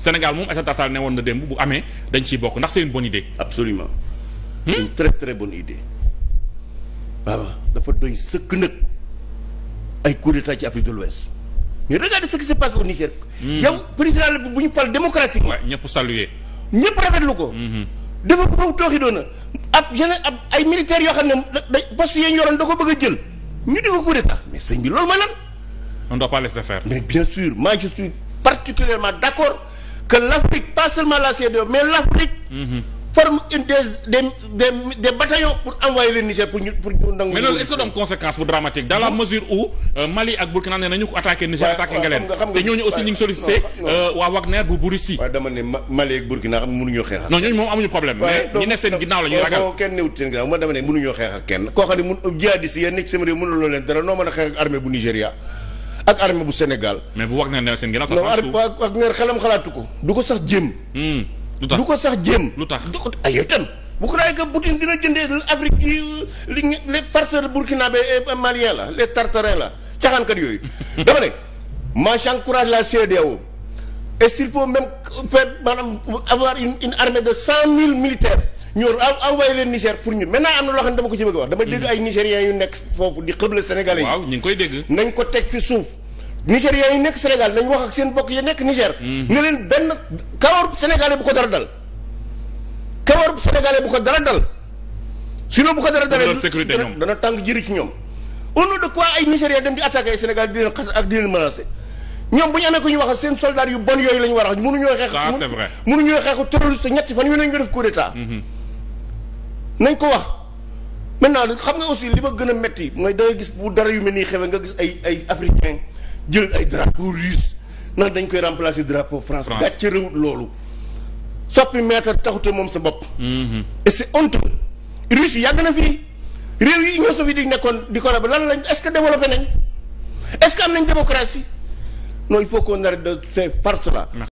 Sénégal moom Aïssata Tall Sall ne woon na démb bu amee dañ ciy bokk ndax c'est une bonne idée. absolument hmm? une très très bonne idée. waaw dafa doy sëkk nag ay coup d'état ci Afrique de l'Ouest mais regardez ce qui se passe au Niger. Hmm. yow président la bu ñu fal démocratique. waaw ñëpp saluer. ñëpp ko. Hmm. dafa ko foofu tooxi ab jeune ab ay militaires yoo xam ne da poste yi ñu yoroon da ko bëgg a jël ñu di ko coup d'état mais sëñ bi loolu mooy lan. on doit pas laisser faire. mais bien que l'Afrique, pas seulement la CEDEAO, mais l'Afrique mm -hmm. des, des, des, bataillons pour envoyer le Niger pour ñu pour ñu nangu. mais loolu est-ce que doon conséquence bu dramatique dans mesure où euh, Mali ak Burkina nee nañu ko attaqué Niger attaqué nga leen te ñooñu aussi ñu ngi sollicité euh, waa Wagner bu Burusi. waaw dama ne Mali ak Burkina xam mënuñoo xeex ak. non ñooñu xeex ak kenn. mun jihadiste yi nekk seen réew mënuloo leen dara noo mën a xeex ak armée bu Nigéria ak armée bu Sénégal. mais bu wax ne seen gànnaaw. ak neer xelam xalaatu ko. du ko sax jéem. Hmm. lu tax du ko sax jéem. lu tax du ko ay itam bu ko daay que Poutine dina jëndee Afrique yi euh, li ñu les parcelles burkinabé et malien la les tartarins la caxaankat yooyu. dama ne moi j'encourage la CEDEAO et s'il faut même faire maanaam avoir une une armée de cent mille militaires. ñu envoyé leen Niger pour ñun ko ci bëgg hmm. yu nekk foofu di xëble sénégalais yi. waaw ñu ngi koy dégg. nañ ko teg fi suuf. Nigériens yi nekk Sénégal nañ wax ak seen bokk yi nekk Niger. Mm-hmm. ne leen benn kawoor sénégalais bu ko dara dal. kawoor sénégalais bu ko dara dal. sinon bu ko dara dalee dana dana tàng jëri ci ñoom. au nom de ay Nigériens dem di attaqué ay Sénégal di leen xas ak di leen menacé ñoom bu ñu amee ko ñu wax seen soldats yu bon yooyu lañu war a wax mënuñoo xeex. ça c'est vrai mënuñoo xeexu terroriste ñetti fan yu ne ñu def mm-hmm. nañ ko wax. maintenant xam nga aussi li ma gën a metti mooy da gis bu dara yu mel nii xewe nga gis ay ay africain jël ay drapeau russe nan dañ koy remplacer drapeau France gàcce réwut loolu soppi maître taxute moom sa bopp mhm. et c'est honteux russe yàgg na fii réew yi Union soviétique nekkoon di ko rab lan lañ est-ce que développé nañ est-ce que am nañ démocratie non il faut qu'on arrête de ces farces